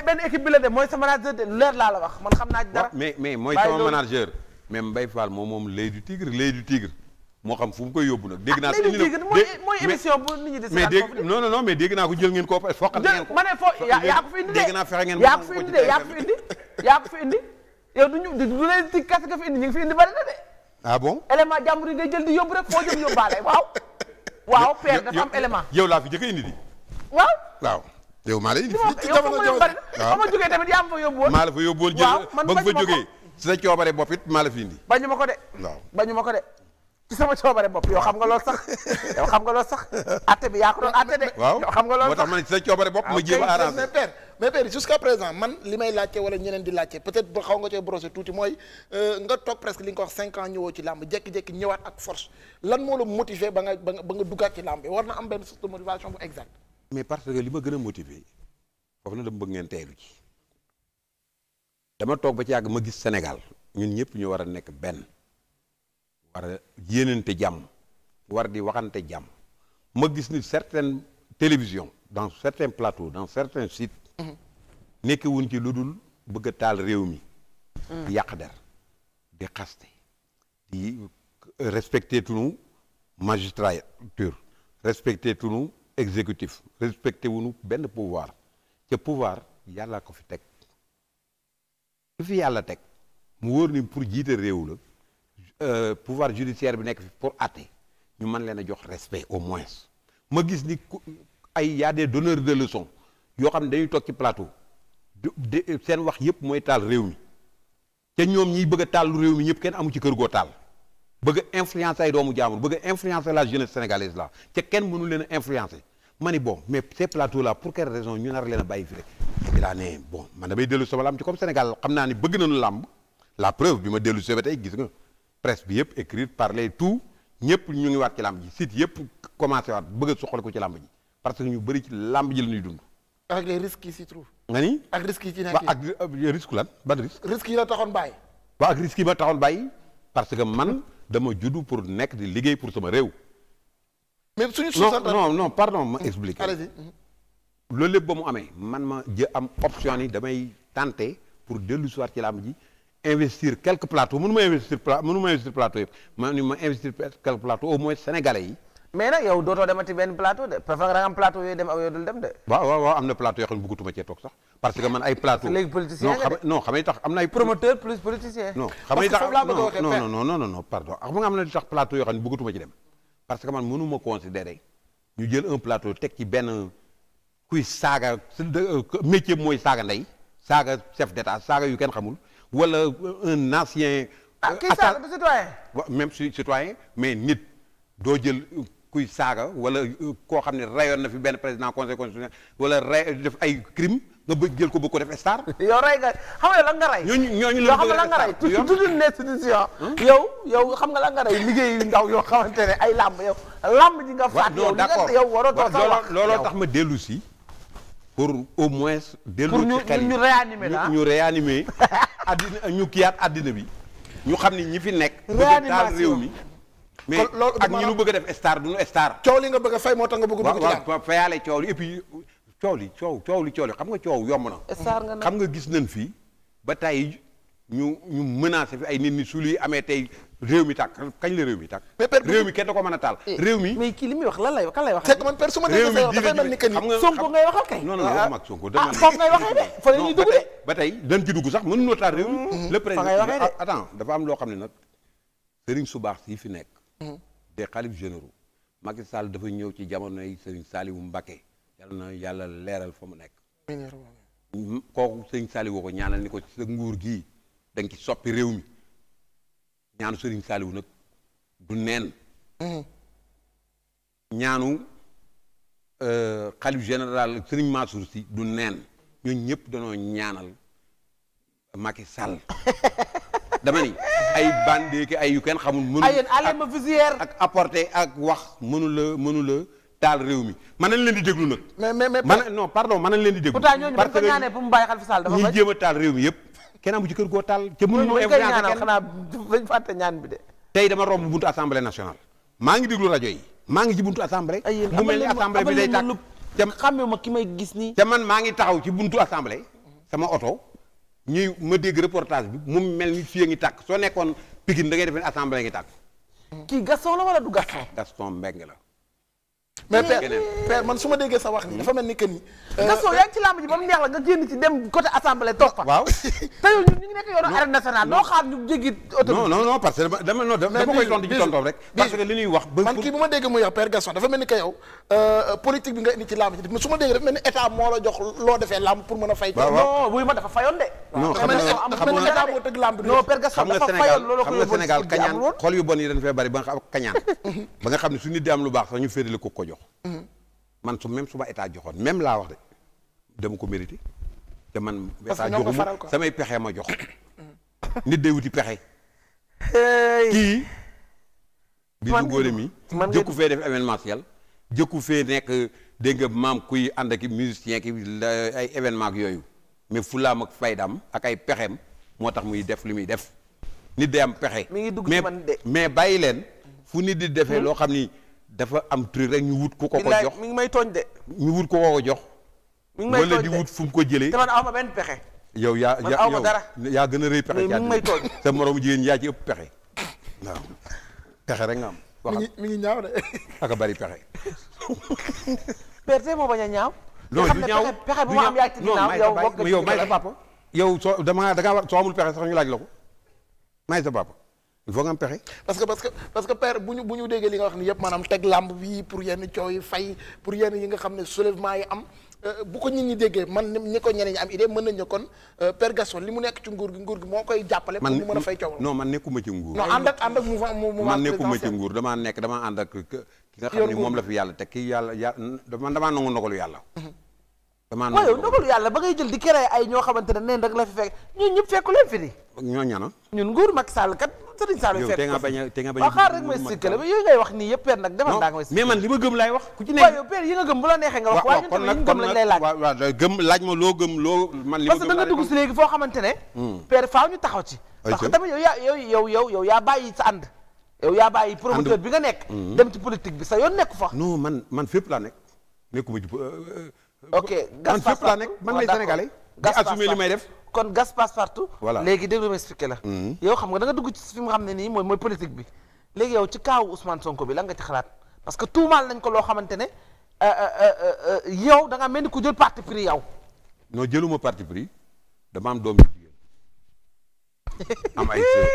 benn équipe bi la de mooy sa manager de leer laa la wax man xam naa dara. mais mais mooy sama manager. même Mbaye Fall moom moom lay du tigre lay du tigre moo xam fu mu koy yóbbu nag. dégg naa si mooy mooy émission bu nit ñi di. mais dégg non non non mais dégg naa ko jël ngeen koo foqal ngeen ko. ma ne foo yaa ko fi indi de dégg naa fexe ngeen. yaa ko fi indi de yaa ko fi indi yaa ko fi indi yow du ñu du lay tig kese nga fi indi ñu ngi fi indi bari na de. ah bon élément jàmbur yi ngay jël di yóbbu rek foo jëm yóbbaale waaw. waaw père dafa am élément. yow laa fi jëkk indi di. waaw waaw. yow maa lay indi fii ci jamono jooju waaw ma jógee tamit yaa ma fa maa la fa yóbbuwoon jël ba nga fa jógee si sa coobare bopp it maa la fi indi bañu ko de waaw ma ko de ci sama coobare bopp yow xam nga lool sax yow xam nga lool sax atte bi yaa ko doon atte de yow xam nga lool sax moo tax ma ne ci sa coobare bopp ma ah, jéem a arrangé mais père mais père jusqu'à présent man li may laajte wala ñeneen di laajte peut-être ba xaw nga cee brosser tuuti mooy euh, nga toog presque li nga wax cinq ans ñëwoo ci ak force lan moo la motiver ba nga ba nga duggaat ci làmb war na mais parce que li ma gën a motivé foofu na dama bëgg ngeen teelu ci dama toog ba ci yàgg ma gis senegal ñun ñëpp ñu war a nekk benn war a yéenante jàmm war di waxante jàmm ma gis ni certaines télévisions dans certains plateaux dans certains sites mhm. nekk wuñ ci lu dul bëgg a taal réew mi mm. di yàq der di xaste di respecté tunu magistrature respecté tunu exécutif respecté wuñu benn pouvoir ca pouvoir yàlla ko fi teg su fi yàlla teg mu wóor nii pour jiite réew la euh, pouvoir judiciaire bi nekk fi pour àtte ñu mën leen a jox respect au moins ma gis ni ay yaa de des donneurs de leçons yoo xam ne dañuy toog ci plateau seen wax yëpp mooy taal réew mi te ñoom ñiy bëgg a taal réew mi ñëpp kenn amu ci kër goo taal bëgg a influencer ay doomu jaamur bëgg a influencer la jeunesse sénégalaise là te kenn mënu leen a influencer ma ni bon mais ces plateaux là pour quelle raison ñu nar leen a fi rek bi ne bon man damay dellu sama làmb ci comme Sénégal xam naa bëgg nañu làmb la preuve bi ma dellu si ba gis nga presse bi yëpp parler tout ñëpp ñu ngi waat ci làmb ji site yëpp commencé waat bëgg a suqali ko ci làmb ji parce que ñu bëri ci làmb ji la ñuy dund. ak risques dama juddu pour nekk di liggéey pour sama réew. mais suñu sous-entendre non non pardon ma expliquer. loolu lépp ba mu amee man ma jë am option yi damay tante pour dellu soir ci làmb ji investir quelques plateaux mënu ma investir pla mënu ma investir plateau ma investir quelques plateaux au moins sénégalais yi. mais nag yow dootoo demati benn plateau de parfois nga am plateau yooyu dem ak yooyu dul dem de. waaw waaw waaw am na plateau yoo xam ne bëggatuma cee toog sax parce que man ay plateau. léegi politicien nga de non xam nga tax am na ay. promoteur plus politicien. non xam nga tax non non non non pardon xam nga am na tax plateau yoo xam ne bëggatuma ci dem parce que man mënu ma considérer ñu jël un plateau teg ci benn kuy saaga euh, métier mooy saaga ndey saaga chef d'état saaga yu kenn xamul wala un ancien. ah euh, kii saaga du citoyen. même si citoyen mais nit doo jël. kuy saaga wala euh, koo xam ne rayoon na fi benn président conseil constitutionnel wala ray def nga bëgg jël ko bëgg ko def star. yow rey nga xam nga lan nga rey. ñooñu ñooñu la xam nga lan nga rey tudd l'institution. yow yow xam nga lan nga rey liggéeyu ndaw yoo xamante ne ay làmb yow. làmb ji nga faat yow li yow waroo too sax wax looloo tax ma dellu pour au moins. dellu ci xel ñu réanimer la ah. ñu ñu kiyaat addina bi. ñu xam ne ñi fi nekk. réanimation bëgg réew mi. mais ak ñi nu bëgg a def star du nu star. coow li nga bëgg a fay moo tax nga bëgg a. dugg ci daan waaw fayaale coow li et puis coow li coow coow li coow li xam nga coow yomb na. star nga xam nga gis nañ fi ba tey ñu ñu menacé fi ay nit ñi su amee tey réew mi tàkk kañ la réew mi tàkk. mais per réew mi kenn ko mën a taal. Eh, réew mi mais kii li muy wax lan lay wax kan lay wax. c'est man per su ma déggee sa yoon dafay mel ni que ni Sonko ngay wax kay. non non ah, waxuma fa la ñuy dugg de. ba tey dañ ci dugg sax mën noo taal réew mi. Mm-hmm. le président ah, attends dafa am loo xam ne nag sëriñ su baax yi fi nekk de xalif généraux Macky Sall dafa ñëw ci jamonoy sëñ Saliou Mbacké yàlla na yàlla leeral fa mu nekk kooku sëñ Saliou ko ñaanal ni ko sa nguur gi da nga soppi réew mi ñaanu sëriñ Saliou nag du neen ñaanu xalif euh, général sëriñ Mansour si du neen ñooñu ñëpp danoo ñaanal Macky Sall ay bandeeki ay yu kenn xamul mënul ak apporter ak wax mënu la mënu la taal réew mi mën nañ leen di déglu nag mais mais man non pardon mën nañ leen di déglu pourtant ñooñu parce que ñaanee pour mu bàyyi Khalifa Sall dafa ñi jéem a taal réew mi yëpp kenn amu ci kër goo taal ca mënu ñoo influencé kenn xanaa dañ fàtte ñaan bi de tey dama romb buntu assemblée nationale maa ngi déglu rajo yi maa ngi ci buntu assemblée mu mel ni assemblée bi day tàkk ca xamee ma ki may gis nii te man maa ngi taxaw ci buntu assemblée sama oto ñuy ma dégg reportage bi mu mel ni fii a ngi tàkk soo nekkoon Pikine da ngay def ne assemblée ngi tàkk. kii Gaston la wala du Gaston. Gaston Mbengue la. mais père père man su ma déggee sa wax nii dafa mel ni que ni. Euh, Gaston yaa ngi ci làmb ji ba mu neex la nga génn ci dem côté assemblée toog waaw te yow wax man kii bu ma dafa ni que yow euh, euh, politique bi nga ni état moo la loo defee làmb a fay. non buy ma dafa fayoon de. non xam nga état moo tëgg làmb Sénégal kañaan xol yu bon yi dañ fee bari ba nga xam kañaan ba nga xam ne su nit di am lu baax sax ñu féetale ko ko jox. man su même su ma joxoon même laa wax de dama ko mérité. te man état joxuma samay pexe ma jox. nit day wuti pexe. kii. bi su góore mi jëkku fee def événementiel. jëkku fee nekk dégg nga maam kuy ànd ak musicien ki ay événement ak yooyu mais fulaam ak faydam ak ay pexem moo tax muy def li muy def. nit day am pexe. mais bàyyi leen. fu nit di defee hmm? loo xam ni. dafa am tri rek ñu wut ku ko ko jox mi ngi may tooñ de. ñu wut ku ko ko jox. mi ngi may tooñ de di wut fu mu jëlee. te man aw ma benn pexe. yow yaa man aw ma dara yaa gën a rëy pexe. mais mi may tooñ sa moromu jigéen yaa ci ëpp pexe. pexe rek am. wax mi ngi mi bari pexe. perte moo ba a ñaaw. loolu ñaaw pexe bu ma am yaa ci ginnaaw yow bokk yow may sa papa. yow soo damaa da ngaa war soo amul pexe sax ñu laaj la ko may sa papa. il faut nga am pexe. parce que parce que parce que père bu ñu bu déggee li nga wax ni yëpp maanaam teg làmb bi pour yenn coow yi fay pour yenn yi nga xam ne soulèvement yi am euh, bu ko nit ñi déggee man ñi ko ñeneen ñi am idée mën nañu ne kon euh, Gaston li mu nekk ci nguur gi nguur gi moo koy jàppale. pour mu mën a fay coow non man nekkuma ci nguur. non ànd ak ànd ak mouvement mouvement nekk damaa ànd ak. ki nga xam ne moom la fi yàlla teg ki yàlla yàlla man damaa nangu ndogalu yàlla. Mhm. damaa naan waaw ndogalu yàlla ba ngay jël di créer ay ñoo xamante neen rek la fi fekk ñun ñëpp fekku leen fi ñoo ñana ñun nguur Macky Sall kat Serigne Sall fekk te nga bañ a a xaar rek mooy circulé mais yooyu ngay wax nii yëpp nag defal daa nga may mais man li ma gëm laay ñu gëm si léegi foo xamante ne hmm. père faaw ñu taxaw ci parce que tamit yow yaa yow yow yow yow yaa bàyyi sa ànd yow yaa bàyyi promoteur bi nga nekk hmm. dem ci politique bi sa yoon nekku fa non man man fépp laa nekk Euh, ok gas man fépp laa nekk man may sénégalais. di assumer li may def. kon gas passe partout. voilà léegi de ma expliqué la. Hmm. yow xam nga da nga dugg ci si nga xam ne nii mooy mooy politique bi. léegi yow ci kaawu Ousmane Sonko bi la nga ci xalaat parce que tuumaal nañ ko loo xamante ne euh, euh, yow da ngaa mel ni ku jël parti pris yow. non jëluma parti pris dama am doom ju am ay.